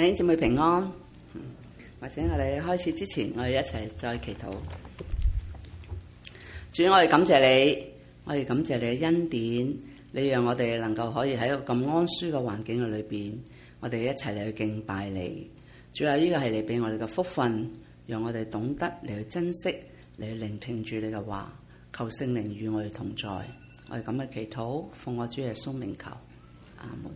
弟兄姊妹平安，或者我哋開始之前，我哋一齊再祈禱。主，我哋感謝你，我哋感謝你嘅恩典，你讓我哋能夠可以喺一個咁安舒嘅環境裏邊，我哋一齊嚟去敬拜你。主要呢個係你俾我哋嘅福分，讓我哋懂得你去珍惜，你去聆聽住你嘅話。求聖靈與我哋同在，我哋咁嘅祈禱，奉我主耶穌名求，阿門。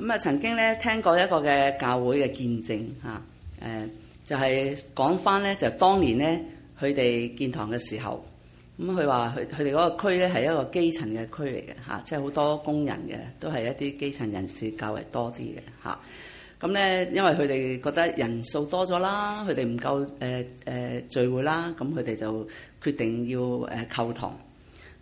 咁啊，曾經咧聽過一個嘅教會嘅見證嚇，誒就係講返咧，就當年咧佢哋建堂嘅時候，咁佢話佢佢哋嗰個區咧係一個基層嘅區嚟嘅嚇，即係好多工人嘅，都係一啲基層人士較為多啲嘅嚇。咁咧，因為佢哋覺得人數多咗啦，佢哋唔夠誒誒聚會啦，咁佢哋就決定要誒購堂。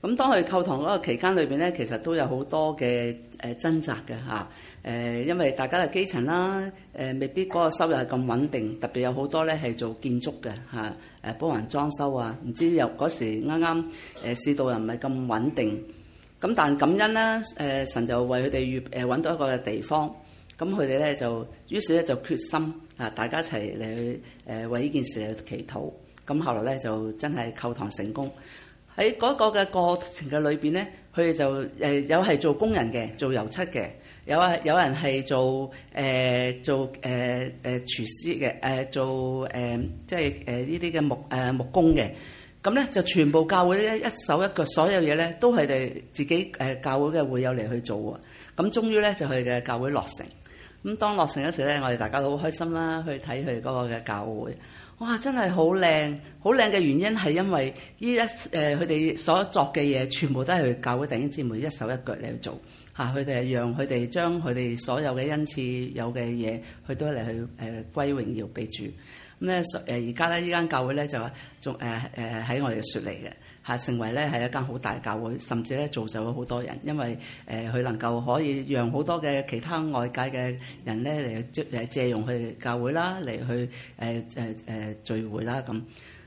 咁當佢購堂嗰個期間裏邊咧，其實都有好多嘅誒掙扎嘅嚇。誒，因為大家嘅基層啦，誒、呃，未必嗰個收入係咁穩定，特別有好多咧係做建築嘅嚇，誒幫人裝修啊，唔知又嗰時啱啱誒市道又唔係咁穩定，咁但感恩啦，誒、呃、神就為佢哋遇誒揾到一個地方，咁佢哋咧就於是咧就決心啊，大家一齊嚟去誒、呃、為呢件事嚟祈禱，咁、嗯、後來咧就真係購堂成功，喺嗰個嘅過程嘅裏邊咧。佢哋就誒有係做工人嘅，做油漆嘅；有啊，有人係做誒、呃、做誒誒廚師嘅，誒、呃、做誒、呃、即係誒呢啲嘅木誒、呃、木工嘅。咁咧就全部教會一一手一腳，所有嘢咧都係佢哋自己誒教會嘅會友嚟去做喎。咁終於咧就佢嘅教會落成咁，當落成嗰時咧，我哋大家都好開心啦，去睇佢哋嗰個嘅教會。哇！真係好靚，好靚嘅原因係因為依一誒佢哋所作嘅嘢，全部都係佢教會弟兄姊妹一手一腳嚟去做吓。佢哋係讓佢哋將佢哋所有嘅恩賜有嘅嘢，佢都嚟去誒歸榮耀畀主。咁咧誒而家咧依間教會咧就仲誒誒喺我哋嘅雪嚟嘅。嚇，成為咧係一間好大教會，甚至咧造就咗好多人，因為誒佢能夠可以讓好多嘅其他外界嘅人咧嚟借借用佢哋教會啦嚟去誒誒誒聚會啦咁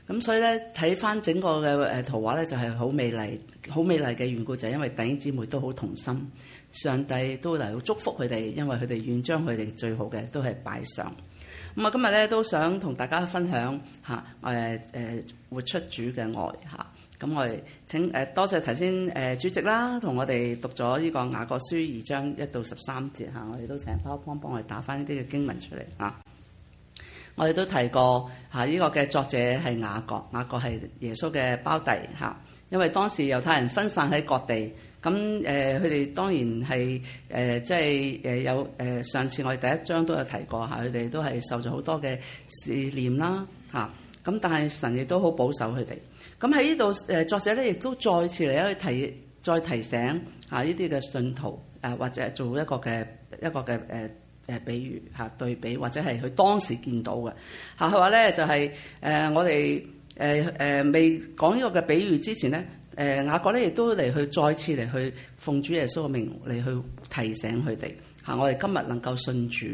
咁，所以咧睇返整個嘅誒圖畫咧就係好美麗好美麗嘅緣故，就係因為弟兄姊妹都好同心，上帝都嚟祝福佢哋，因為佢哋願將佢哋最好嘅都係擺上。咁、嗯、啊，今日咧都想同大家分享嚇誒誒活出主嘅愛嚇。啊咁我哋請誒多謝頭先誒主席啦，同我哋讀咗呢、這個雅各書二章一到十三節嚇、啊，我哋都請包方幫我哋打返呢啲嘅經文出嚟嚇、啊。我哋都提過嚇，呢、啊這個嘅作者係雅各，雅各係耶穌嘅胞弟嚇、啊。因為當時猶太人分散喺各地，咁誒佢哋當然係誒、啊、即係誒有誒、啊、上次我哋第一章都有提過嚇，佢、啊、哋都係受咗好多嘅試煉啦嚇。咁、啊啊、但係神亦都好保守佢哋。咁喺呢度，誒作者咧亦都再次嚟去提，再提醒吓呢啲嘅信徒，誒、啊、或者做一個嘅一個嘅誒誒比喻吓對比，或者係佢當時見到嘅吓佢話咧就係、是、誒、呃、我哋誒誒未講呢個嘅比喻之前咧，誒、呃、雅各咧亦都嚟去再次嚟去奉主耶穌嘅命嚟去提醒佢哋。嚇！我哋今日能夠信主，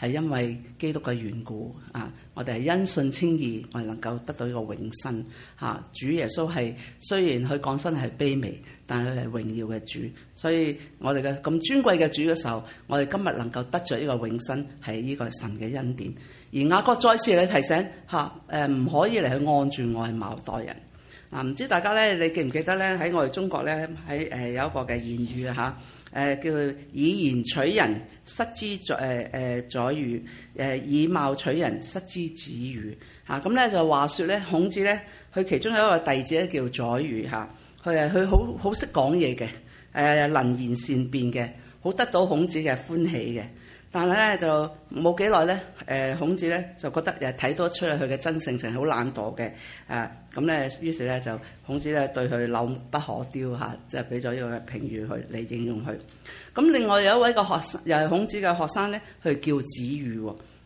係因為基督嘅緣故啊！我哋係因信稱義，我哋能夠得到呢個永生。嚇、啊！主耶穌係雖然佢降身係卑微，但係佢係榮耀嘅主。所以，我哋嘅咁尊貴嘅主嘅時候，我哋今日能夠得着呢個永生，係呢個神嘅恩典。而雅各再次嚟提醒嚇，誒、啊、唔可以嚟去按住外貌待人。嗱、啊，唔知大家咧，你記唔記得咧？喺我哋中國咧，喺誒、呃、有一個嘅言語啊嚇。誒，叫以言取人，失之在誒誒宰予。誒、呃呃、以貌取人，失之子羽。嚇，咁咧就話説咧，孔子咧佢其中有一個弟子咧叫宰予嚇，佢係佢好好識講嘢嘅，誒能、呃、言善辯嘅，好得到孔子嘅歡喜嘅。但係咧就冇幾耐咧，誒、呃、孔子咧就覺得又睇多出嚟佢嘅真性情好懶惰嘅啊！咁咧，於是咧就孔子咧對佢朽木不可雕，嚇，即係俾咗呢個評語去嚟應用佢。咁另外有一位個學生，又係孔子嘅學生咧，佢叫子羽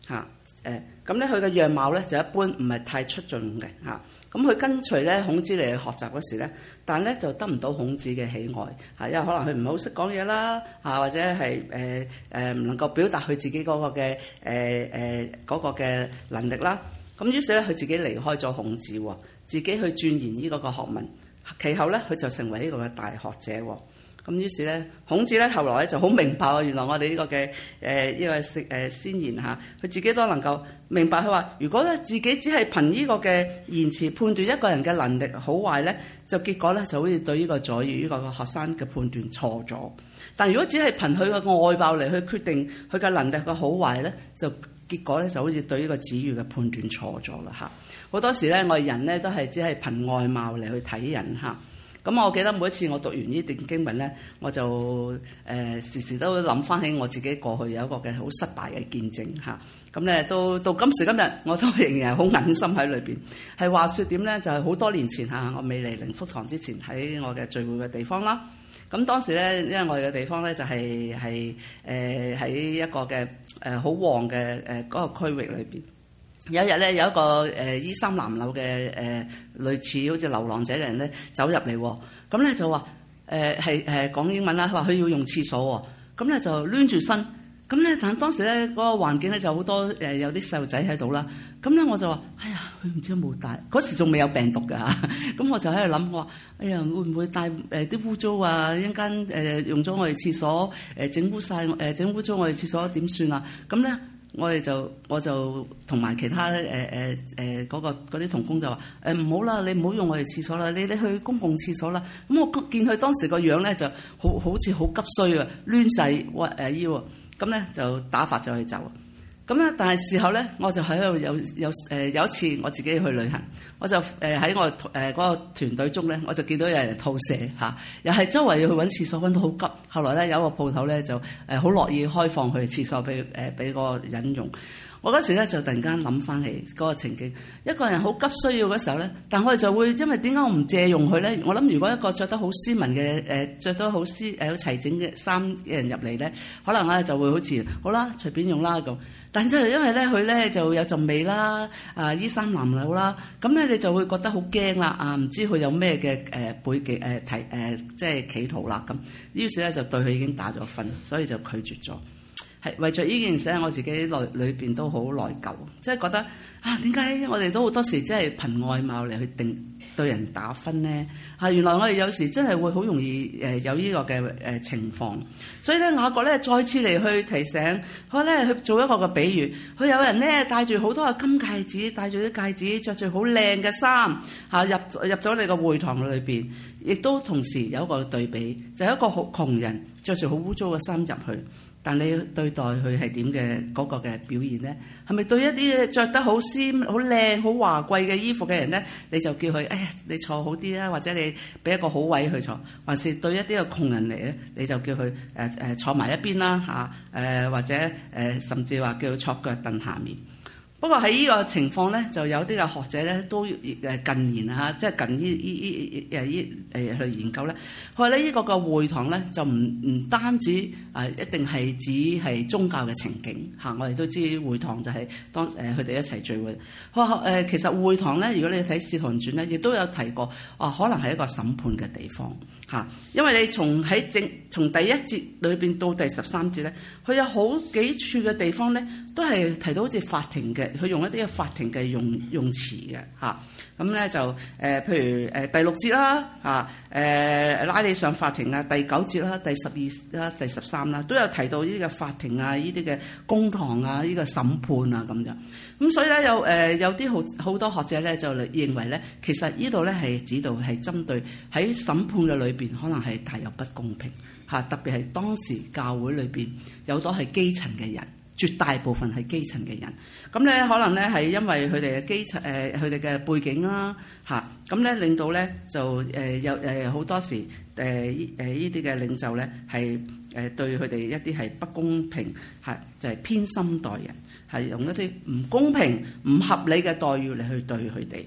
嚇誒。咁咧佢嘅樣貌咧就一般，唔係太出眾嘅嚇。咁佢跟隨咧孔子嚟學習嗰時咧，但咧就得唔到孔子嘅喜愛嚇，因為可能佢唔係好識講嘢啦嚇，或者係誒誒唔能夠表達佢自己嗰個嘅誒誒嗰個嘅能力啦。咁於是咧佢自己離開咗孔子喎。自己去鑽研呢個個學問，其後咧佢就成為呢個嘅大學者喎。咁於是咧，孔子咧後來咧就好明白啊。原來我哋呢個嘅誒一位先誒先賢嚇，佢自己都能夠明白。佢話：如果咧自己只係憑呢個嘅言辭判斷一個人嘅能力好壞咧，就結果咧就好似對呢個宰予呢個個學生嘅判斷錯咗。但如果只係憑佢個外貌嚟去決定佢嘅能力嘅好壞咧，就結果咧就好似對呢個子魚嘅判斷錯咗啦嚇！好多時咧我哋人咧都係只係憑外貌嚟去睇人嚇。咁我記得每一次我讀完呢段經文咧，我就誒、呃、時時都諗翻起我自己過去有一個嘅好失敗嘅見證嚇。咁咧到到今時今日，我都仍然係好揞心喺裏邊。係話説點咧？就係、是、好多年前嚇，我未嚟靈福堂之前，喺我嘅聚會嘅地方啦。咁當時咧，因為我哋嘅地方咧就係係誒喺一個嘅誒好旺嘅誒嗰個區域裏邊。有一日咧，有一個誒衣衫襤褸嘅誒類似好似流浪者嘅人咧走入嚟，咁、嗯、咧就話誒係誒講英文啦，佢話佢要用廁所喎。咁、嗯、咧就攣住身。咁咧，但係當時咧，嗰個環境咧就好多誒、呃，有啲細路仔喺度啦。咁咧，我就話：哎呀，佢唔知有冇帶嗰時仲未有病毒嘅嚇。咁、嗯、我就喺度諗，我話：哎呀，會唔會帶誒啲污糟啊？一陣間誒用咗我哋廁所誒整污晒，誒整污糟我哋廁所點算啊？咁咧，我哋就我就同埋其他誒誒誒嗰個嗰啲童工就話誒唔好啦，你唔好用我哋廁所啦，你你去公共廁所啦。咁我見佢當時個樣咧，就好好似好急需嘅，攣晒屈誒腰。咁呢，就打發咗佢走。咁咧，但係事後咧，我就喺度有有誒、呃、有一次我自己去旅行，我就誒喺我誒嗰個團隊中咧，我就見到有人吐瀉吓、啊，又係周圍要去揾廁所，揾到好急。後來咧，有一個鋪頭咧就誒、呃、好樂意開放佢哋廁所俾誒俾個引用。我嗰時咧就突然間諗返起嗰個情景，一個人好急需要嗰時候咧，但我哋就會因為點解我唔借用佢咧？我諗如果一個着得好斯文嘅誒，著、呃、得好斯誒好齊整嘅衫嘅人入嚟咧，可能咧就會好似好啦，隨便用啦咁。但就係因為咧佢咧就有陣味啦，啊衣衫襤褸啦，咁、嗯、咧你就會覺得好驚啦，啊唔知佢有咩嘅誒背景誒提誒即係企圖啦，咁於是咧就對佢已經打咗分，所以就拒絕咗。係為咗呢件事咧，我自己內裏邊都好內疚，即係覺得啊點解我哋都好多時即係憑外貌嚟去定。對人打分咧嚇，原來我哋有時真係會好容易誒有呢個嘅誒情況，所以咧雅各咧再次嚟去提醒，佢咧去做一個嘅比喻，佢有人咧戴住好多嘅金戒指，戴住啲戒指，着住好靚嘅衫嚇入入咗你個會堂裏邊，亦都同時有一個對比，就係一個好窮人着住好污糟嘅衫入去。但你對待佢係點嘅嗰個嘅表現咧？係咪對一啲着得好鮮、好靚、好華貴嘅衣服嘅人咧，你就叫佢哎呀，你坐好啲啦，或者你俾一個好位佢坐，還是對一啲嘅窮人嚟咧，你就叫佢誒誒坐埋一邊啦嚇誒，或者誒甚至話叫佢坐腳凳下面。不過喺呢個情況咧，就有啲嘅學者咧都誒近年啊，即係近呢依依誒依誒去研究咧，佢話咧依個個會堂咧就唔唔單止誒一定係指係宗教嘅情景嚇、啊，我哋都知會堂就係當誒佢哋一齊聚會。佢話、呃、其實會堂咧，如果你睇《使徒行傳》咧，亦都有提過，哦、啊、可能係一個審判嘅地方。嚇，因為你從喺正，從第一節裏邊到第十三節咧，佢有好幾處嘅地方咧，都係提到好似法庭嘅，佢用一啲嘅法庭嘅用用詞嘅嚇。咁、啊、咧、嗯、就誒，譬、呃、如誒、呃、第六節啦，嚇、啊、誒、呃、拉你上法庭啊，第九節啦、啊，第十二啦、啊，第十三啦、啊，都有提到呢啲嘅法庭啊，呢啲嘅公堂啊，呢、呢個審判啊咁樣。咁所以咧，有誒、呃、有啲好好多學者咧，就認為咧，其實呢度咧係指導係針對喺審判嘅裏邊，可能係大有不公平嚇、啊，特別係當時教會裏邊有多係基層嘅人，絕大部分係基層嘅人。咁、嗯、咧，可能咧係因為佢哋嘅基層誒，佢哋嘅背景啦嚇，咁、啊、咧、嗯、令到咧就誒有誒好多時誒誒呢啲嘅領袖咧係誒對佢哋一啲係不公平，係、啊、就係、是、偏心待人。係用一啲唔公平、唔合理嘅待遇嚟去對佢哋，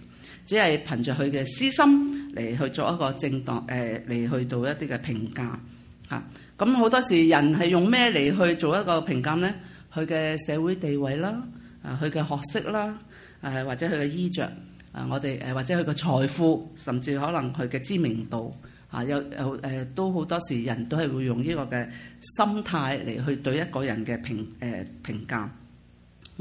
只係憑着佢嘅私心嚟去做一個正當誒嚟、呃、去做一啲嘅評價嚇。咁、啊、好多時人係用咩嚟去做一個評價咧？佢嘅社會地位啦，啊，佢嘅學識啦，誒、啊、或者佢嘅衣着，啊，我哋誒、啊、或者佢嘅財富，甚至可能佢嘅知名度嚇、啊，有有誒、呃、都好多時人都係會用呢個嘅心態嚟去對一個人嘅評誒評價。呃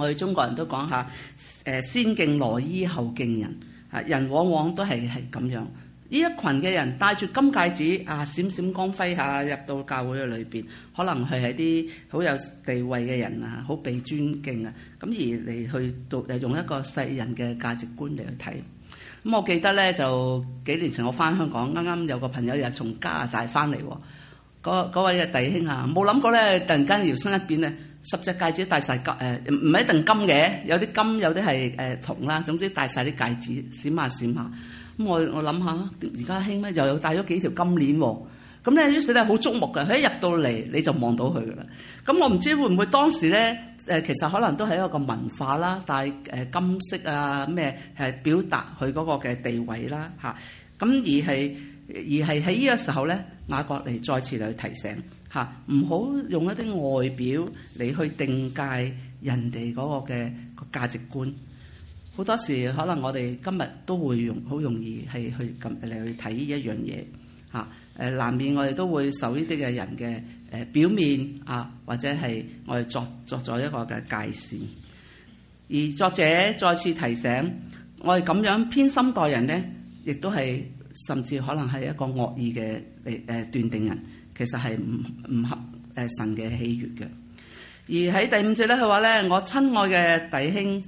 我哋中國人都講下，誒先敬羅衣，後敬人。嚇人往往都係係咁樣。呢一群嘅人帶住金戒指啊，閃閃光輝嚇、啊、入到教會嘅裏邊，可能係係啲好有地位嘅人啊，好被尊敬啊。咁而嚟去讀誒，用一個世人嘅價值觀嚟去睇。咁、啊、我記得咧，就幾年前我翻香港，啱啱有個朋友又從加拿大翻嚟，嗰、啊、嗰位嘅弟兄啊，冇諗過咧，突然間搖身一變咧。十隻戒指戴曬金誒，唔唔係一定金嘅，有啲金，有啲係誒銅啦。總之戴曬啲戒指閃下閃下。咁我我諗下，而家興咧，又有戴咗幾條金鏈喎。咁咧於是咧好矚目嘅。佢一入到嚟你就望到佢嘅啦。咁我唔知會唔會當時咧誒，其實可能都係一個文化啦，戴誒金色啊咩係表達佢嗰個嘅地位啦嚇。咁而係而係喺呢個時候咧，馬國利再次嚟提醒。嚇，唔好用一啲外表嚟去定界人哋嗰個嘅價值觀，好多時可能我哋今日都會容好容易係去咁嚟去睇依一樣嘢，嚇誒，難免我哋都會受呢啲嘅人嘅誒表面啊，或者係我哋作，作作咗一個嘅界線。而作者再次提醒，我哋咁樣偏心待人咧，亦都係甚至可能係一個惡意嘅誒誒斷定人。其實係唔唔合誒神嘅喜悦嘅。而喺第五節咧，佢話咧：我親愛嘅弟兄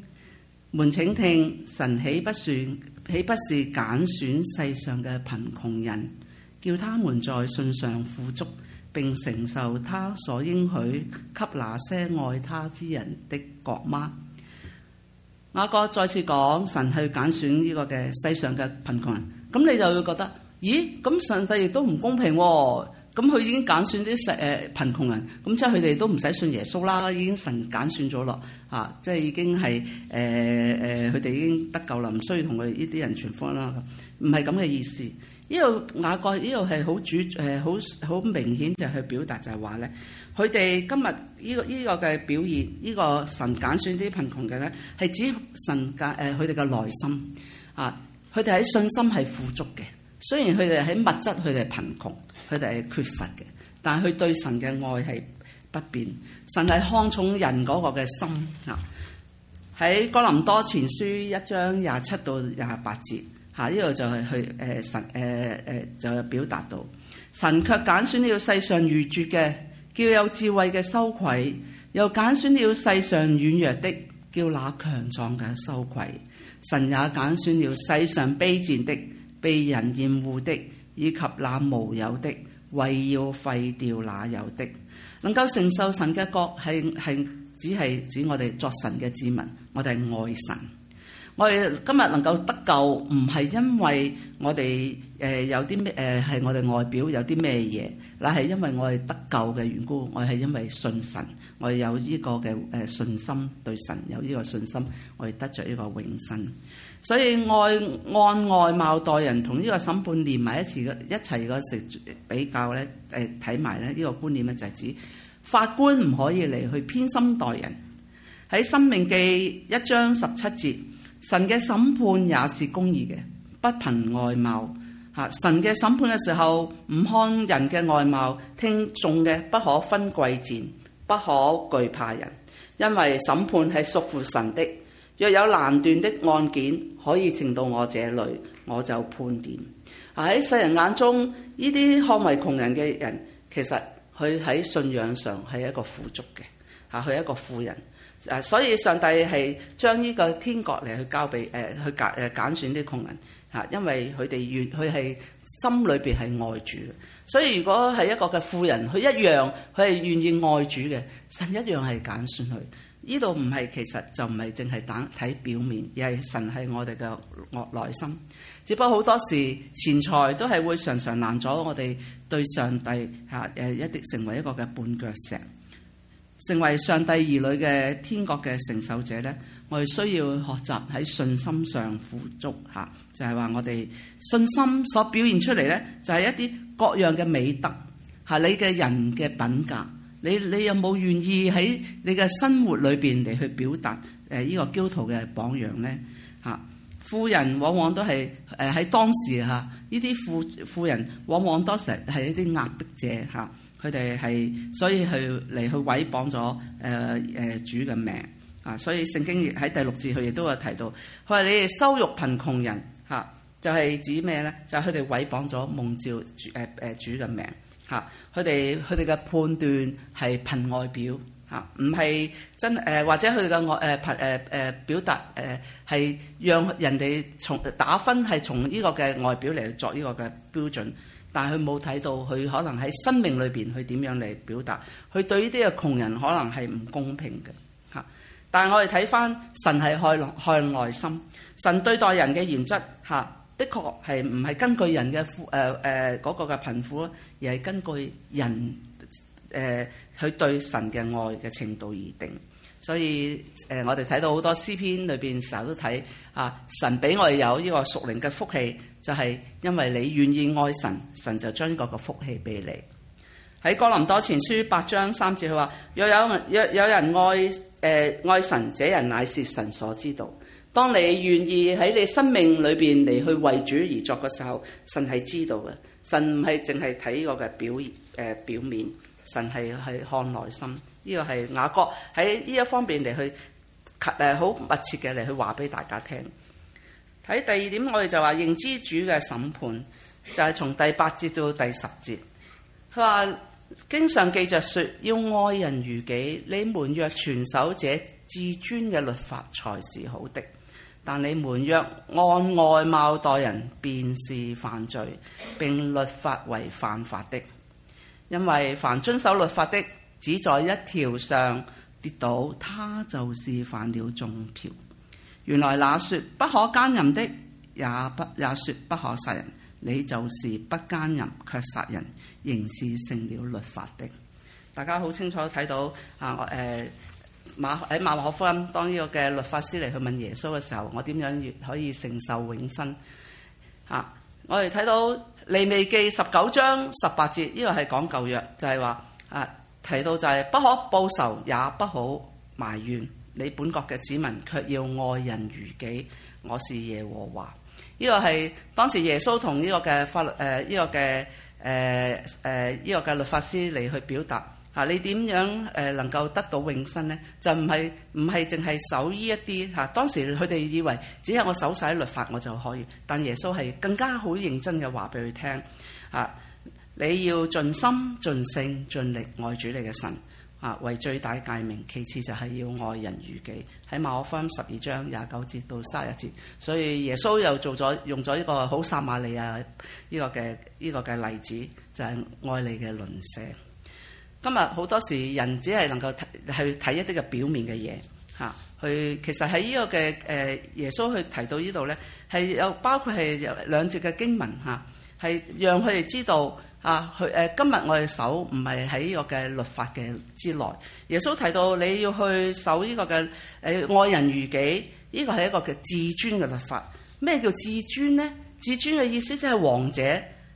們，請聽，神豈不算豈不是揀選世上嘅貧窮人，叫他們在信上富足，並承受他所應許給那些愛他之人的國嗎？雅各再次講，神去揀選呢個嘅世上嘅貧窮人，咁你就會覺得，咦？咁神帝亦都唔公平喎、啊。咁佢已經揀選啲細誒貧窮人，咁即係佢哋都唔使信耶穌啦，已經神揀選咗咯，嚇！即係已經係誒誒，佢、呃、哋、呃、已經得救啦，唔需要同佢呢啲人傳福音啦，唔係咁嘅意思。呢個雅各呢度係好主誒好好明顯就係去表達就係話咧，佢哋今日呢、呢個依、呢個嘅表現，呢、呢個神揀選啲貧窮嘅咧，係指神揀誒佢哋嘅內心啊，佢哋喺信心係富足嘅。雖然佢哋喺物質佢哋貧窮，佢哋係缺乏嘅，但係佢對神嘅愛係不變。神係看重人嗰個嘅心啊！喺哥林多前書一章廿七到廿八節，嚇呢度就係佢誒神誒誒、呃呃、就表達到神卻揀選了世上愚拙嘅，叫有智慧嘅羞愧；又揀選了世上軟弱的，叫那強壯嘅羞愧。神也揀選了世上卑賤的。被人厭惡的，以及那無有的，為要廢掉那有的，能夠承受神嘅國，係係只係指我哋作神嘅子民，我哋係愛神。我哋今日能夠得救，唔係因為我哋誒、呃、有啲咩誒係我哋外表有啲咩嘢，乃係因為我哋得救嘅緣故，我哋係因為信神，我哋有呢個嘅誒信心，對神有呢個信心，我哋得着呢個永生。所以外按外貌待人，同呢個審判連埋一次，一齊嗰時比較咧，誒睇埋咧呢個觀念咧就係指法官唔可以嚟去偏心待人。喺《生命記》一章十七節，神嘅審判也是公義嘅，不憑外貌。吓，神嘅審判嘅時候唔看人嘅外貌，聽眾嘅不可分貴賤，不可懼怕人，因為審判係屬乎神的。若有難斷的案件可以呈到我這裏，我就判斷。喺世人眼中，呢啲看為窮人嘅人，其實佢喺信仰上係一個富足嘅，嚇佢係一個富人。啊，所以上帝係將呢個天國嚟去交俾誒去揀誒揀選啲窮人嚇，因為佢哋願佢係心裏邊係愛主。所以如果係一個嘅富人，佢一樣佢係願意愛主嘅，神一樣係揀選佢。呢度唔係，其實就唔係淨係等睇表面，而係神係我哋嘅惡內心。只不過好多時錢財都係會常常難阻我哋對上帝吓誒一啲成為一個嘅絆腳石。成為上帝兒女嘅天國嘅承受者咧，我哋需要學習喺信心上富足吓，就係話我哋信心所表現出嚟咧，就係一啲各樣嘅美德，係你嘅人嘅品格。你你有冇願意喺你嘅生活裏邊嚟去表達誒呢個基督徒嘅榜樣咧？嚇、啊，富人往往都係誒喺當時嚇，呢啲富富人往往多時係一啲壓迫者嚇，佢哋係所以去嚟去毀謗咗誒誒主嘅名啊！所以聖經喺第六節佢亦都有提到，佢話你哋羞辱貧窮人嚇、啊，就係、是、指咩咧？就係佢哋毀謗咗夢照誒誒主嘅名。呃呃佢哋佢哋嘅判斷係憑外表，吓唔係真誒、呃，或者佢哋嘅外誒憑誒誒表達誒，係、呃、讓人哋從打分係從呢個嘅外表嚟作呢個嘅標準，但係佢冇睇到佢可能喺生命裏邊去點樣嚟表達，佢對呢啲嘅窮人可能係唔公平嘅吓。但係我哋睇返神係害害內心，神對待人嘅原則吓。啊的確係唔係根據人嘅富誒誒嗰個嘅貧富，而係根據人誒佢、呃、對神嘅愛嘅程度而定。所以誒、呃，我哋睇到好多詩篇裏邊，成日都睇啊，神俾我哋有呢個屬靈嘅福氣，就係、是、因為你願意愛神，神就將嗰個福氣俾你。喺哥林多前書八章三節，佢話：若有若有人愛誒、呃、愛神，這人乃是神所知道。當你願意喺你生命裏邊嚟去為主而作嘅時候，神係知道嘅。神唔係淨係睇我嘅表誒、呃、表面，神係係看內心。呢、這個係雅各喺呢一方面嚟去誒好密切嘅嚟去話俾大家聽。喺第二點，我哋就話認知主嘅審判，就係、是、從第八節到第十節。佢話經上記着説要愛人如己，你們若全守這至尊嘅律法才是好的。但你們若按外貌待人，便是犯罪，並律法為犯法的。因為凡遵守律法的，只在一條上跌倒，他就是犯了眾條。原來那說不可奸淫的，也不也說不可殺人，你就是不奸淫，卻殺人，仍是成了律法的。大家好清楚睇到啊，我誒。呃馬喺馬可福音當呢個嘅律法師嚟去問耶穌嘅時候，我點樣越可以承受永生？嚇、啊！我哋睇到利未記十九章十八節，呢、這個係講舊約，就係、是、話啊提到就係、是啊就是、不可報仇，也不好埋怨你本國嘅子民，卻要愛人如己。我是耶和華。呢、這個係當時耶穌同呢個嘅法律誒呢、呃這個嘅誒誒呢個嘅律法師嚟去表達。啊！你點樣誒能夠得到永生呢？就唔係唔係淨係守依一啲嚇。當時佢哋以為只係我守曬律法我就可以。但耶穌係更加好認真嘅話俾佢聽啊！你要盡心盡性盡力愛主你嘅神啊，為最大誡命。其次就係要愛人如己。喺馬可福音十二章廿九節到卅一節，所以耶穌又做咗用咗一個好撒瑪利亞呢個嘅呢、這個嘅例子，就係、是、愛你嘅鄰舍。今日好多時人只係能夠睇去睇一啲嘅表面嘅嘢嚇，去、啊、其實喺呢個嘅誒耶穌去提到呢度咧，係有包括係兩節嘅經文嚇，係、啊、讓佢哋知道嚇佢誒今日我哋守唔係喺呢個嘅律法嘅之內。耶穌提到你要去守呢個嘅誒、啊、愛人如己，呢、這個係一個嘅至尊嘅律法。咩叫至尊咧？至尊嘅意思即係王者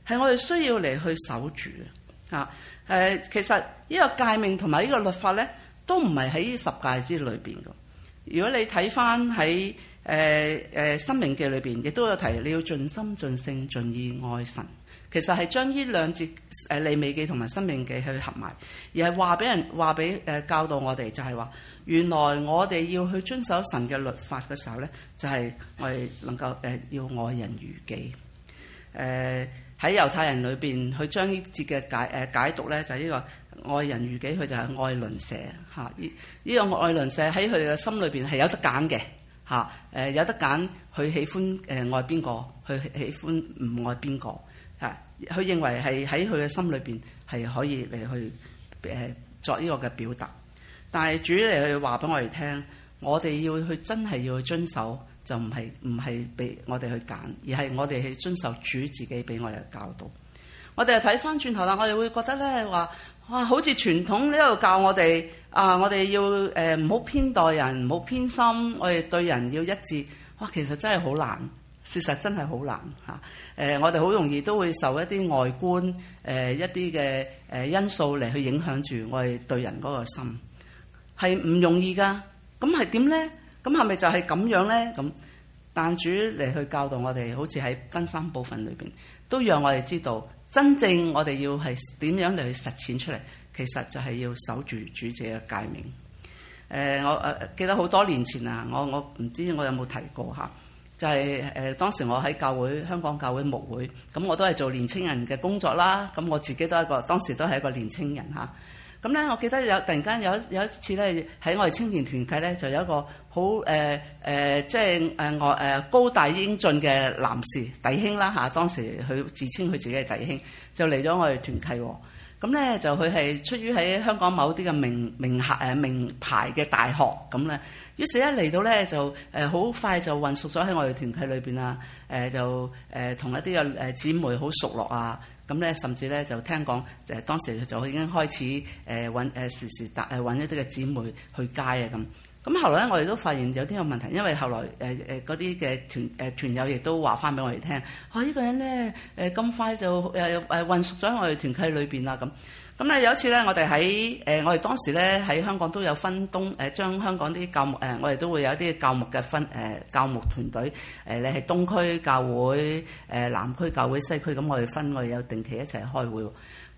係我哋需要嚟去守住嘅嚇。啊。誒、呃，其實呢個誡命同埋呢個律法咧，都唔係喺十誡之裏邊嘅。如果你睇翻喺誒誒《申、呃呃、命記》裏邊，亦都有提你要盡心盡性盡意愛神。其實係將呢兩節誒《利未記》同埋《申命記》去合埋，而係話俾人話俾誒教導我哋，就係話原來我哋要去遵守神嘅律法嘅時候咧，就係、是、我哋能夠誒、呃、要愛人如己。誒、呃。喺猶太人裏邊，佢將呢節嘅解誒、呃、解讀咧，就係、是、呢、這個愛人如己，佢就係愛鄰舍嚇。依、啊、依、這個愛鄰舍喺佢哋嘅心裏邊係有得揀嘅嚇。誒、啊、有得揀，佢喜歡誒愛邊個，佢喜歡唔愛邊個嚇。佢、啊、認為係喺佢嘅心裏邊係可以嚟去誒、呃、作呢個嘅表達。但係主嚟去話俾我哋聽，我哋要去真係要去遵守。就唔係唔係俾我哋去揀，而係我哋去遵守主自己俾我哋嘅教導。我哋又睇翻轉頭啦，我哋會覺得咧話，哇，好似傳統呢度教我哋啊，我哋要誒唔好偏待人，唔好偏心，我哋對人要一致。哇，其實真係好難，事實真係好難吓。誒、啊，我哋好容易都會受一啲外觀誒、呃、一啲嘅誒因素嚟去影響住我哋對人嗰個心，係唔容易噶。咁係點咧？咁係咪就係咁樣咧？咁但主嚟去教導我哋，好似喺分三部分裏邊，都讓我哋知道真正我哋要係點樣嚟去實踐出嚟，其實就係要守住主者嘅誡命。誒、呃，我誒記得好多年前啊，我我唔知我有冇提過吓，就係、是、誒、呃、當時我喺教會香港教會牧會，咁我都係做年青人嘅工作啦。咁我自己都係一個，當時都係一個年青人吓。咁咧，我記得有突然間有有一次咧，喺我哋青年團契咧，就有一個好誒誒，即係誒我誒高大英俊嘅男士弟兄啦嚇、啊，當時佢自稱佢自己係弟兄，就嚟咗我哋團契，哦。咁咧就佢係出於喺香港某啲嘅名名校誒名牌嘅大學咁咧，於是一嚟到咧就誒好、呃、快就混熟咗喺我哋團契裏邊啦。誒、呃、就誒同、呃、一啲嘅誒姊妹好熟絡啊。咁咧，甚至咧就聽講，誒當時就已經開始誒揾誒時時達誒揾一啲嘅姊妹去街啊咁。咁後嚟咧，我哋都發現有啲嘅問題，因為後來誒誒嗰啲嘅團誒團友亦都話翻俾我哋聽，我、啊、呢、呢個人咧誒咁快就誒誒混熟咗我哋團契裏邊啦咁。咁咧，有一次咧，我哋喺誒，我哋當時咧喺香港都有分東誒，將、呃、香港啲教牧誒、呃，我哋都會有一啲教牧嘅分誒、呃、教牧團隊誒，你係東區教會誒、呃，南區教會西區，咁我哋分，我哋有定期一齊開會。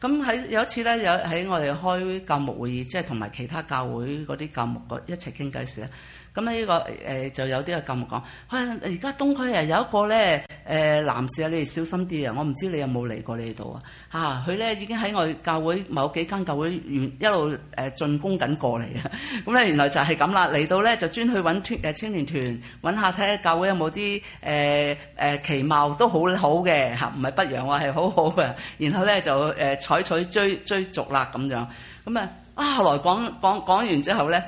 咁喺有一次咧，有喺我哋開教牧會議，即係同埋其他教會嗰啲教牧一齊傾偈時咧。咁呢、呢個誒、呃、就有啲係咁講，而、啊、家東區啊有一個咧誒、呃、男士啊，你哋小心啲啊！我唔知你有冇嚟過呢度啊？啊，佢咧已經喺我哋教會某幾間教會完一路誒進攻緊過嚟啊！咁咧原來就係咁啦，嚟到咧就專去揾青年團揾下睇下教會有冇啲誒誒奇貌都好、啊、好嘅嚇，唔係不揚話係好好嘅，然後咧就誒採取追追，追逐啦咁樣，咁啊啊後來講講講完之後咧。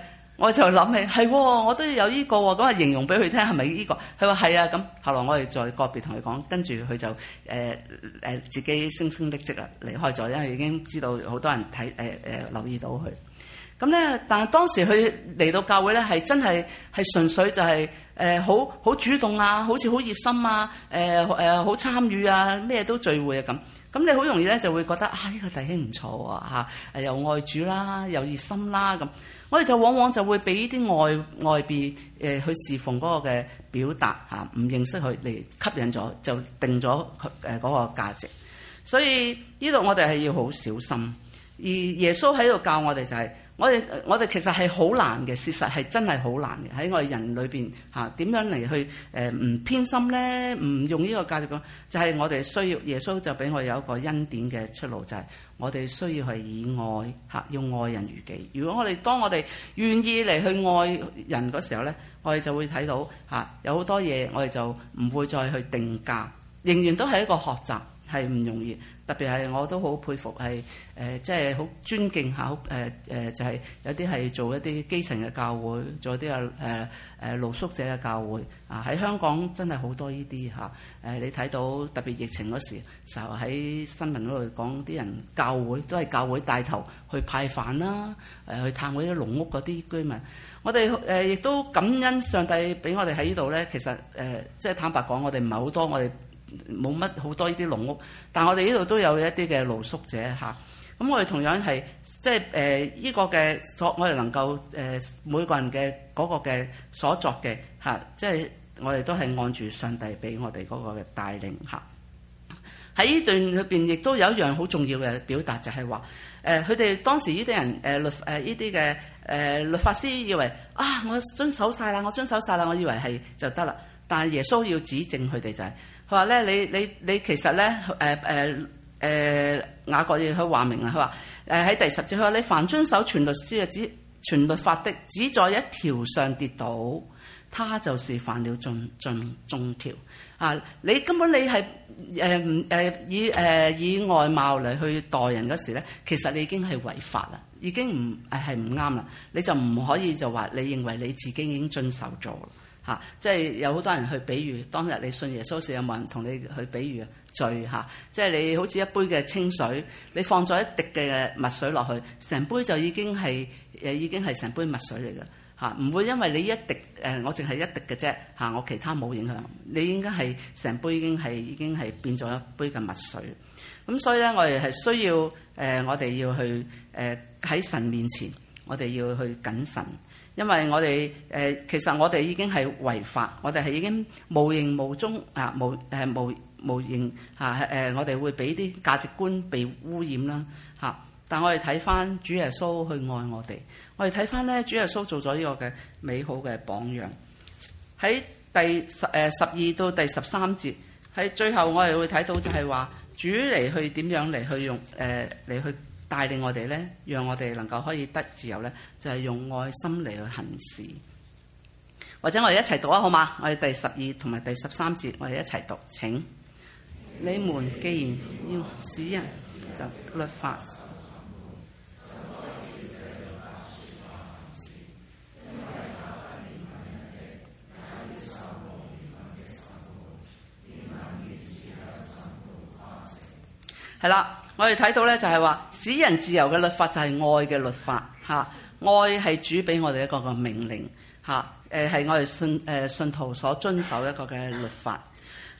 我就諗起係，我都有呢、這個，咁、嗯、啊形容俾佢聽，係咪呢個？佢話係啊，咁、嗯、後來我哋再個別同佢講，跟住佢就誒誒、呃呃、自己聲聲匿跡啊，離開咗，因為已經知道好多人睇誒誒留意到佢。咁、嗯、咧，但係當時佢嚟到教會咧，係真係係純粹就係誒好好主動啊，好似好熱心啊，誒誒好參與啊，咩都聚會啊咁。咁你好容易咧就會覺得啊，呢、這個弟兄唔錯喎嚇，又愛主啦，又熱心啦咁。我哋就往往就會俾啲外外邊誒、呃、去侍奉嗰個嘅表達嚇，唔、啊、認識佢嚟吸引咗，就定咗誒嗰個價值。所以呢度我哋係要好小心。而耶穌喺度教我哋就係、是，我哋我哋其實係好難嘅，事實係真係好難嘅喺我哋人裏邊嚇，點、啊、樣嚟去誒唔、呃、偏心咧？唔用呢個價值觀，就係、是、我哋需要耶穌就俾我有一個恩典嘅出路，就係、是。我哋需要去以愛吓，要愛人如己。如果我哋當我哋願意嚟去愛人嗰時候咧，我哋就會睇到吓，有好多嘢我哋就唔會再去定價，仍然都係一個學習，係唔容易。特別係我都好佩服，係誒，即係好尊敬下，好、呃、誒就係、是、有啲係做一啲基層嘅教會，做有啲啊誒誒露宿者嘅教會啊！喺香港真係好多呢啲嚇誒，你睇到特別疫情嗰時時候喺新聞嗰度講啲人教會都係教會帶頭去派飯啦，誒、啊呃、去探嗰啲籠屋嗰啲居民。我哋誒亦都感恩上帝俾我哋喺呢度咧。其實誒，即、呃、係坦白講，我哋唔係好多我哋。冇乜好多呢啲籠屋，但係我哋呢度都有一啲嘅露宿者嚇。咁、啊、我哋同樣係即係誒呢個嘅所，我哋能夠誒、呃、每個人嘅嗰、那個嘅所作嘅嚇、啊，即係我哋都係按住上帝俾我哋嗰個嘅帶領嚇。喺、啊、呢段裏邊，亦都有一樣好重要嘅表達，就係話誒佢哋當時呢啲人誒、呃、律誒呢啲嘅誒律法師以為啊，我遵守晒啦，我遵守晒啦，我以為係就得啦。但係耶穌要指正佢哋就係、是。佢話咧，你你你其實咧，誒誒誒，雅各也佢話明啦。佢話誒喺第十節，佢話你凡遵守全律師啊，只全律法的，只在一條上跌倒，他就是犯了盡盡眾條啊！你根本你係誒誒以誒、呃、以外貌嚟去待人嗰時咧，其實你已經係違法啦，已經唔係唔啱啦，你就唔可以就話你認為你自己已經遵守咗。嚇、啊！即係有好多人去比喻，當日你信耶穌時有冇人同你去比喻罪嚇、啊。即係你好似一杯嘅清水，你放咗一滴嘅墨水落去，成杯就已經係誒已經係成杯墨水嚟嘅嚇。唔、啊、會因為你一滴誒、呃，我淨係一滴嘅啫嚇，我其他冇影響。你應該係成杯已經係已經係變咗一杯嘅墨水。咁所以咧，我哋係需要誒、呃，我哋要去誒喺、呃、神面前，我哋要去謹慎。因為我哋誒其實我哋已經係違法，我哋係已經無形無中啊無誒、呃、無無形嚇誒、啊啊啊啊，我哋會俾啲價值觀被污染啦嚇、啊。但我哋睇翻主耶穌去愛我哋，我哋睇翻咧主耶穌做咗呢個嘅美好嘅榜樣。喺第十誒、呃、十二到第十三節，喺最後我哋會睇到就係話主嚟去點樣嚟去用誒嚟、呃、去。帶領我哋咧，讓我哋能夠可以得自由咧，就係、是、用愛心嚟去行事。或者我哋一齊讀啊，好嘛？我哋第十二同埋第十三節，我哋一齊讀，請你們既然要使人就律法。係啦、嗯。我哋睇到咧，就係、是、話使人自由嘅律法就係愛嘅律法，嚇、啊、愛係主俾我哋一個嘅命令，嚇誒係我哋信誒、呃、信徒所遵守一個嘅律法。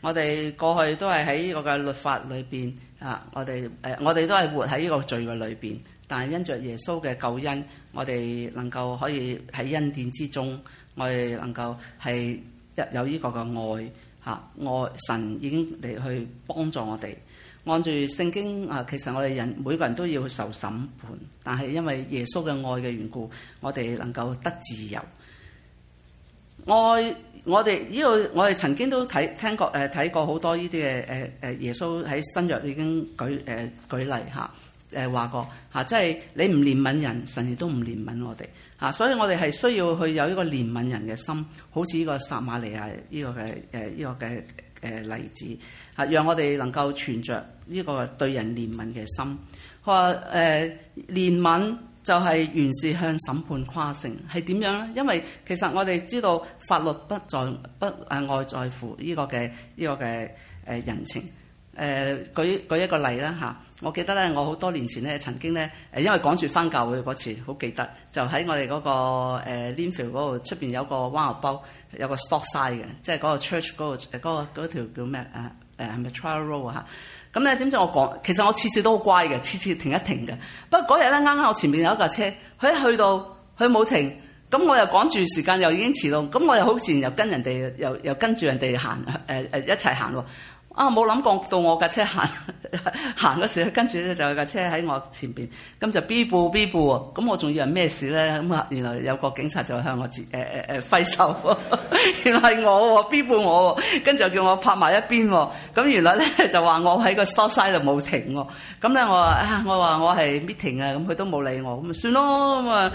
我哋過去都係喺呢個嘅律法裏邊啊，我哋誒、啊、我哋都係活喺呢個罪嘅裏邊，但係因着耶穌嘅救恩，我哋能夠可以喺恩典之中，我哋能夠係有呢個嘅愛，嚇、啊、愛神已經嚟去幫助我哋。按住聖經啊，其實我哋人每個人都要去受審判，但係因為耶穌嘅愛嘅緣故，我哋能夠得自由。愛我哋呢、這個，我哋曾經都睇聽過誒，睇、呃、過好多呢啲嘅誒誒耶穌喺新約已經舉誒、呃、舉例嚇誒話過嚇、啊，即係你唔憐憫人，神亦都唔憐憫我哋嚇、啊，所以我哋係需要去有呢個憐憫人嘅心，好似呢個撒瑪利亞呢個嘅誒呢個嘅。這個這個這個誒例子嚇，讓我哋能夠存着呢個對人憐憫嘅心。佢話誒、呃、憐憫就係原是向審判誇勝係點樣咧？因為其實我哋知道法律不在不誒外在乎呢個嘅呢、呢個嘅誒人情。誒、呃、舉舉一個例啦嚇。啊我記得咧，我好多年前咧，曾經咧，誒，因為趕住翻教會嗰次，好記得，就喺我哋嗰個 Linfield 嗰度，出邊有個彎頭包，有個 stop sign 嘅，即係嗰個 church 嗰、那個嗰個條叫咩啊？誒係咪 Trial Road 啊？嚇、嗯！咁咧點知我講，其實我次次都好乖嘅，次次停一停嘅。不過嗰日咧，啱啱我前面有一架車，佢一去到佢冇停，咁我又趕住時間，又已經遲到，咁我又好自然又跟人哋，又又跟住人哋行誒誒一齊行喎。啊！冇諗過到我架車行行時跟住咧就架車喺我前邊，咁就 B 步 B 步喎。咁我仲以為咩事咧？咁啊，原來有個警察就向我接誒誒誒揮手 原，原來係我喎，B 步我，跟住就叫我拍埋一邊喎。咁原來咧就話我喺個 stop sign 度冇停喎。咁咧我話啊，我話我係 meeting 啊，咁佢都冇理我，咁咪算咯，咁啊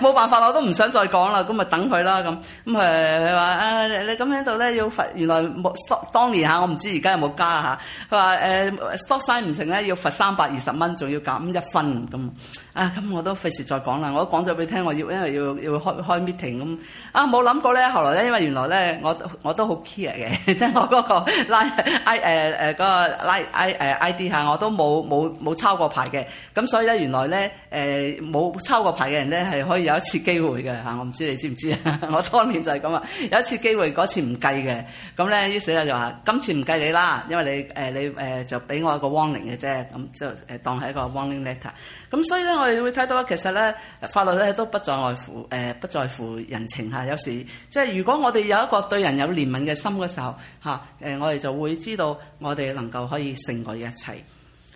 冇辦法，我都唔想再講啦，咁咪等佢啦咁。咁誒話誒你咁喺度咧要罰，原來冇當年嚇我唔知。唔知而家有冇加啊？佢話誒，多曬唔成咧，要罰三百二十蚊，仲要減一分咁。啊！咁我都費事再講啦。我都講咗俾聽，我要因為要要開開 meeting 咁啊，冇諗過咧。後來咧，因為原來咧，我我都好 care 嘅，即係我嗰個 i i 誒誒嗰 i i i d 下，我都冇冇冇抄過牌嘅。咁、嗯、所以咧，原來咧誒冇抄過牌嘅人咧係可以有一次機會嘅嚇。我唔知你知唔知啊？ 我當年就係咁啊，有一次機會，嗰次唔計嘅。咁、嗯、咧，於是咧就話今次唔計你啦，因為你誒你誒、呃、就俾我一個 warning 嘅啫，咁就誒當係一個 warning letter。咁所以咧，我哋會睇到其實咧，法律咧都不在外乎，誒、呃、不在乎人情嚇、啊。有時即係如果我哋有一個對人有憐憫嘅心嘅時候，嚇、啊、誒、呃，我哋就會知道我哋能夠可以勝過一切。誒、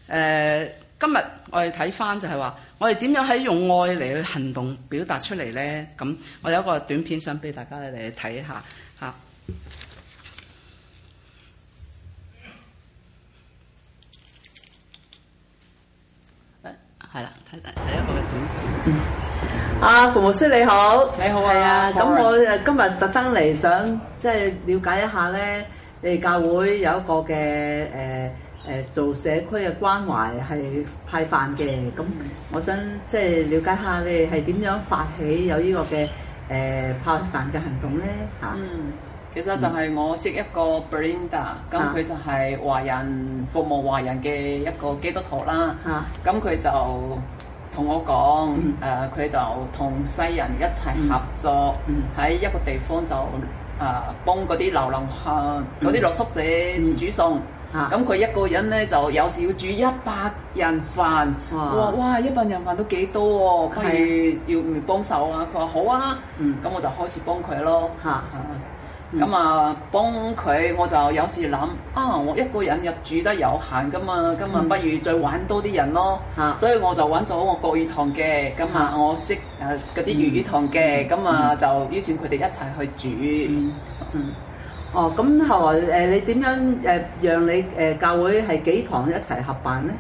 呃，今日我哋睇翻就係話，我哋點樣喺用愛嚟去行動表達出嚟咧？咁、嗯、我有一個短片想俾大家嚟睇下嚇。啊。係啦，第一個問題？嗯，阿馮牧師你好，你好啊，咁我誒今日特登嚟，想即係了解一下咧，你哋教會有一個嘅誒誒做社區嘅關懷係派飯嘅，咁我想即係、就是、了解下你哋係點樣發起有呢個嘅誒、呃、派飯嘅行動咧？嚇、嗯。其實就係我識一個 Brenda 咁佢就係華人服務華人嘅一個基督徒啦。咁佢就同我講，誒佢、嗯呃、就同西人一齊合作，喺、嗯、一個地方就誒、呃、幫嗰啲流浪客、嗰啲落宿者煮餸。咁佢、嗯嗯嗯、一個人咧就有時要煮一百人飯。我話哇，一百哇人飯都幾多、哦？不如要唔要幫手啊？佢話好啊。咁、嗯、我就開始幫佢咯。嚇、嗯啊咁啊，幫佢、嗯嗯、我就有時諗，啊，我一個人又煮得有限噶嘛，咁、嗯、啊，嗯、不如再玩多啲人咯。嚇、啊，所以我就揾咗我國語堂嘅，咁啊，我識誒嗰啲粵語堂嘅，咁啊，就邀請佢哋一齊去煮。嗯，嗯呃、哦，咁後來誒、呃、你點樣誒、呃、讓你誒、呃、教會係幾堂一齊合辦咧？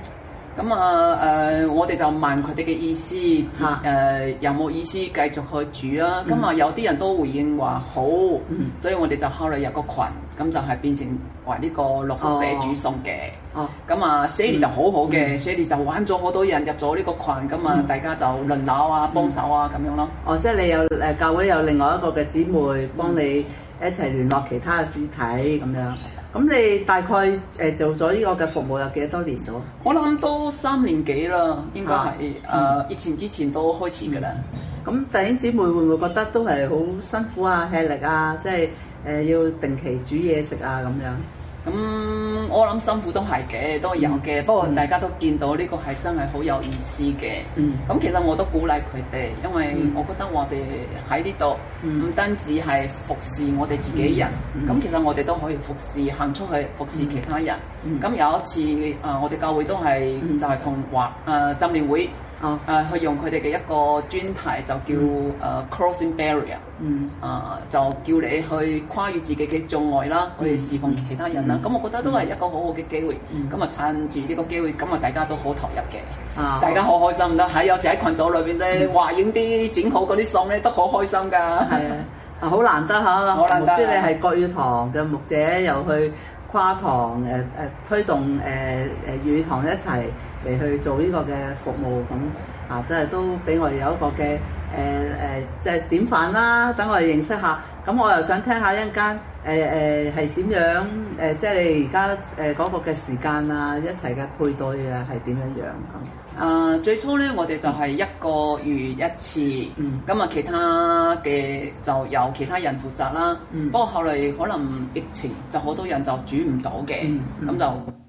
咁啊，誒、嗯，我哋就問佢哋嘅意思，誒、啊呃，有冇意思繼續去煮啊？咁啊、嗯，有啲人都回應話好，嗯、所以我哋就考慮入個群，咁、嗯、就係、是、變成為呢個落實者煮餸嘅。咁、哦嗯嗯、啊，Shelly 就好好嘅，Shelly 就揾咗好多人入咗呢個群，咁、嗯、啊，嗯、大家就輪流啊，幫手啊，咁、嗯、樣咯。哦，即係你有誒教會有另外一個嘅姊妹幫你一齊聯絡其他嘅肢體咁樣。咁你大概誒做咗呢個嘅服務有幾多年到？我諗都三年幾啦，應該係誒疫情之前都開始嘅啦。咁、嗯嗯、弟兄姊妹會唔會覺得都係好辛苦啊、吃力啊，即係誒、呃、要定期煮嘢食啊咁樣？咁我諗辛苦都係嘅，都有嘅。嗯、不過大家都見到呢個係真係好有意思嘅。咁、嗯、其實我都鼓勵佢哋，因為我覺得我哋喺呢度唔單止係服侍我哋自己人，咁、嗯嗯、其實我哋都可以服侍行出去服侍其他人。咁、嗯嗯、有一次，誒、呃、我哋教會都係、嗯、就係同話誒浸聯會。啊！誒，去用佢哋嘅一個專題就叫誒 Crossing Barrier，嗯，啊，就叫你去跨越自己嘅障礙啦，去侍奉其他人啦。咁我覺得都係一個好好嘅機會。咁啊，趁住呢個機會，咁啊，大家都好投入嘅，大家好開心。得喺有時喺群組裏邊咧，話影啲整好嗰啲相咧，都好開心㗎。係啊，啊好難得嚇，牧師你係國語堂嘅牧者，又去跨堂誒誒推動誒誒粵語堂一齊。嚟去做呢個嘅服務，咁啊，即係都俾我哋有一個嘅誒誒，即係典範啦。等我哋認識下。咁我又想聽下一間誒誒係點樣？誒即係你而家誒嗰個嘅時間啊，一齊嘅配對啊係點樣樣咁？啊、 呃，最初咧，我哋就係一個月一次，咁啊、嗯，其他嘅就由其他人負責啦。嗯、不過後嚟可能疫情就好多人就煮唔到嘅，咁就、嗯。嗯嗯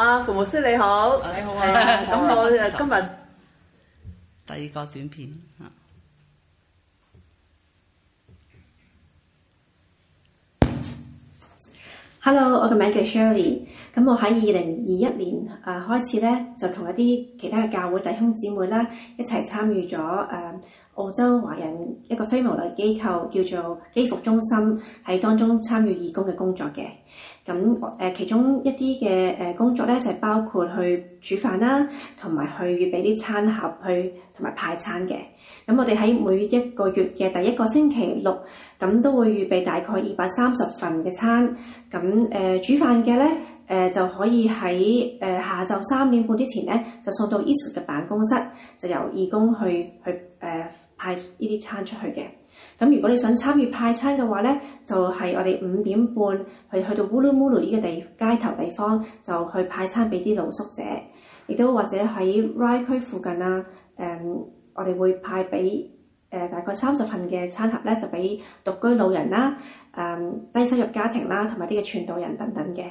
啊，服務師你好。你、哎、好啊。咁我今日第二個短片。嗯、Hello，我嘅名叫 Shirley。咁我喺二零二一年誒、呃、開始咧，就同一啲其他嘅教會弟兄姊妹啦，一齊參與咗誒。呃澳洲華人一個非牟利機構叫做基服中心，喺當中參與義工嘅工作嘅。咁誒，其中一啲嘅誒工作咧就係包括去煮飯啦，同埋去預備啲餐盒去同埋派餐嘅。咁我哋喺每一個月嘅第一個星期六，咁都會預備大概二百三十份嘅餐。咁誒、呃、煮飯嘅咧誒就可以喺誒、呃、下晝三點半之前咧，就送到 Eastwood 嘅辦公室，就由義工去去誒。呃派呢啲餐出去嘅，咁如果你想參與派餐嘅話咧，就係、是、我哋五點半去去到烏魯烏魯呢個地街頭地方，就去派餐俾啲露宿者，亦都或者喺 R 區附近啊，誒、嗯，我哋會派俾誒、呃、大概三十份嘅餐盒咧，就俾獨居老人啦、誒、嗯、低收入家庭啦，同埋啲嘅傳導人等等嘅。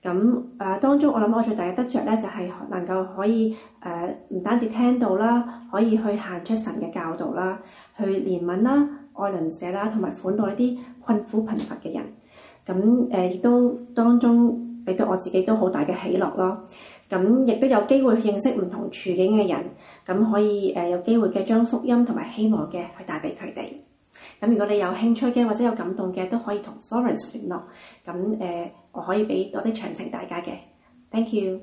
咁誒，當中我諗我最大嘅得着咧，就係能夠可以誒，唔單止聽到啦，可以去行出神嘅教導啦，去憐憫啦、愛鄰舍啦，同埋款待啲困苦貧乏嘅人。咁誒，亦都當中俾到我自己都好大嘅喜樂咯。咁亦都有機會認識唔同處境嘅人，咁可以誒有機會嘅將福音同埋希望嘅去帶俾佢哋。咁如果你有興趣嘅或者有感動嘅都可以同 Florence 聯絡，咁誒、呃、我可以俾多啲詳情大家嘅，thank you。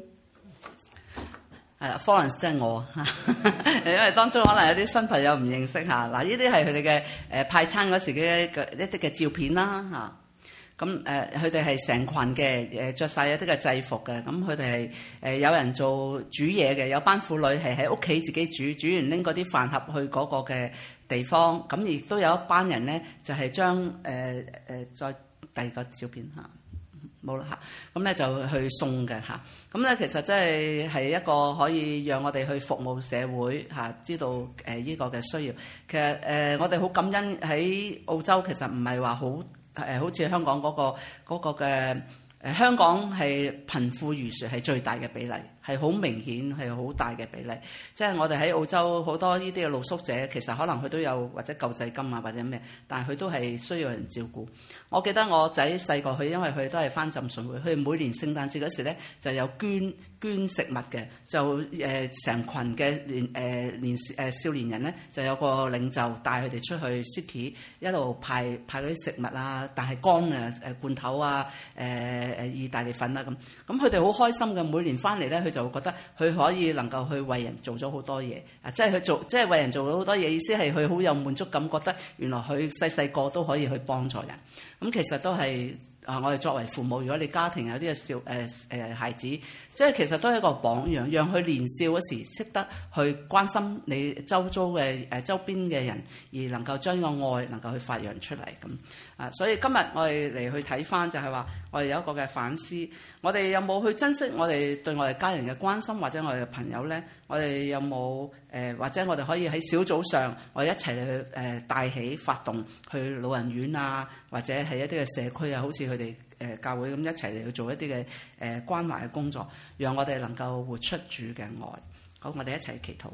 係啦，Florence 即係我， 因為當中可能有啲新朋友唔認識嚇，嗱呢啲係佢哋嘅誒派餐嗰時嘅一啲嘅照片啦嚇。咁誒佢哋係成群嘅，誒著曬一啲嘅制服嘅，咁佢哋係誒有人做煮嘢嘅，有班婦女係喺屋企自己煮，煮完拎嗰啲飯盒去嗰個嘅。地方咁亦都有一班人咧，就係、是、將誒誒、呃、再第二個照片嚇，冇啦嚇，咁咧、啊嗯、就去送嘅嚇。咁、啊、咧、嗯、其實真係係一個可以讓我哋去服務社會嚇、啊，知道誒依個嘅需要。其實誒、呃、我哋好感恩喺澳洲，其實唔係話好誒，好似香港嗰、那個嗰、那個嘅誒、啊、香港係貧富懸殊係最大嘅比例。係好明顯係好大嘅比例，即係我哋喺澳洲好多呢啲嘅露宿者，其實可能佢都有或者救濟金啊，或者咩，但係佢都係需要人照顧。我記得我仔細個佢，因為佢都係翻浸信會，佢每年聖誕節嗰時咧就有捐捐食物嘅，就誒成、呃、群嘅年誒、呃、年誒少年人咧就有個領袖帶佢哋出去 city，一路派派嗰啲食物啊，但係乾嘅誒罐頭啊，誒、呃、誒意大利粉啦、啊、咁，咁佢哋好開心嘅，每年翻嚟咧佢。就覺得佢可以能夠去為人做咗好多嘢，啊，即係佢做，即係為人做咗好多嘢，意思係佢好有滿足感，覺得原來佢細細個都可以去幫助人。咁，嗯，其實都係啊，我哋作為父母，如果你家庭有啲嘅少誒誒孩子。即係其實都係一個榜樣，讓佢年少嗰時識得去關心你周遭嘅誒周邊嘅人，而能夠將呢個愛能夠去發揚出嚟咁啊！所以今日我哋嚟去睇返就係話，我哋有一個嘅反思，我哋有冇去珍惜我哋對我哋家人嘅關心，或者我哋嘅朋友咧？我哋有冇誒、呃，或者我哋可以喺小組上，我哋一齊去誒帶、呃、起發動去老人院啊，或者係一啲嘅社區啊，好似佢哋誒教會咁一齊嚟去做一啲嘅誒關懷嘅工作，讓我哋能夠活出主嘅愛。好，我哋一齊祈禱。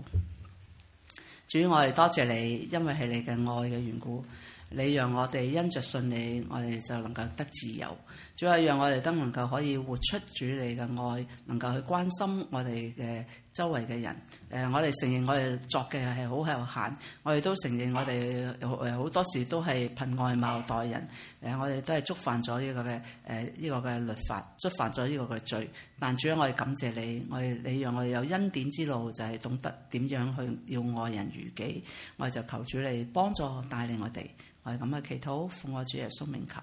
主，我哋多謝你，因為係你嘅愛嘅緣故，你讓我哋因着信你，我哋就能夠得自由。主要係讓我哋都能夠可以活出主你嘅愛，能夠去關心我哋嘅周圍嘅人。誒、呃，我哋承認我哋作嘅係好有限，我哋都承認我哋誒好多時都係憑外貌待人。誒、呃，我哋都係觸犯咗呢個嘅誒呢個嘅律法，觸犯咗呢個嘅罪。但主要我哋感謝你，我哋你讓我哋有恩典之路，就係、是、懂得點樣去要愛人如己。我哋就求主你幫助帶領我哋，我哋咁嘅祈禱，奉我主耶穌名求。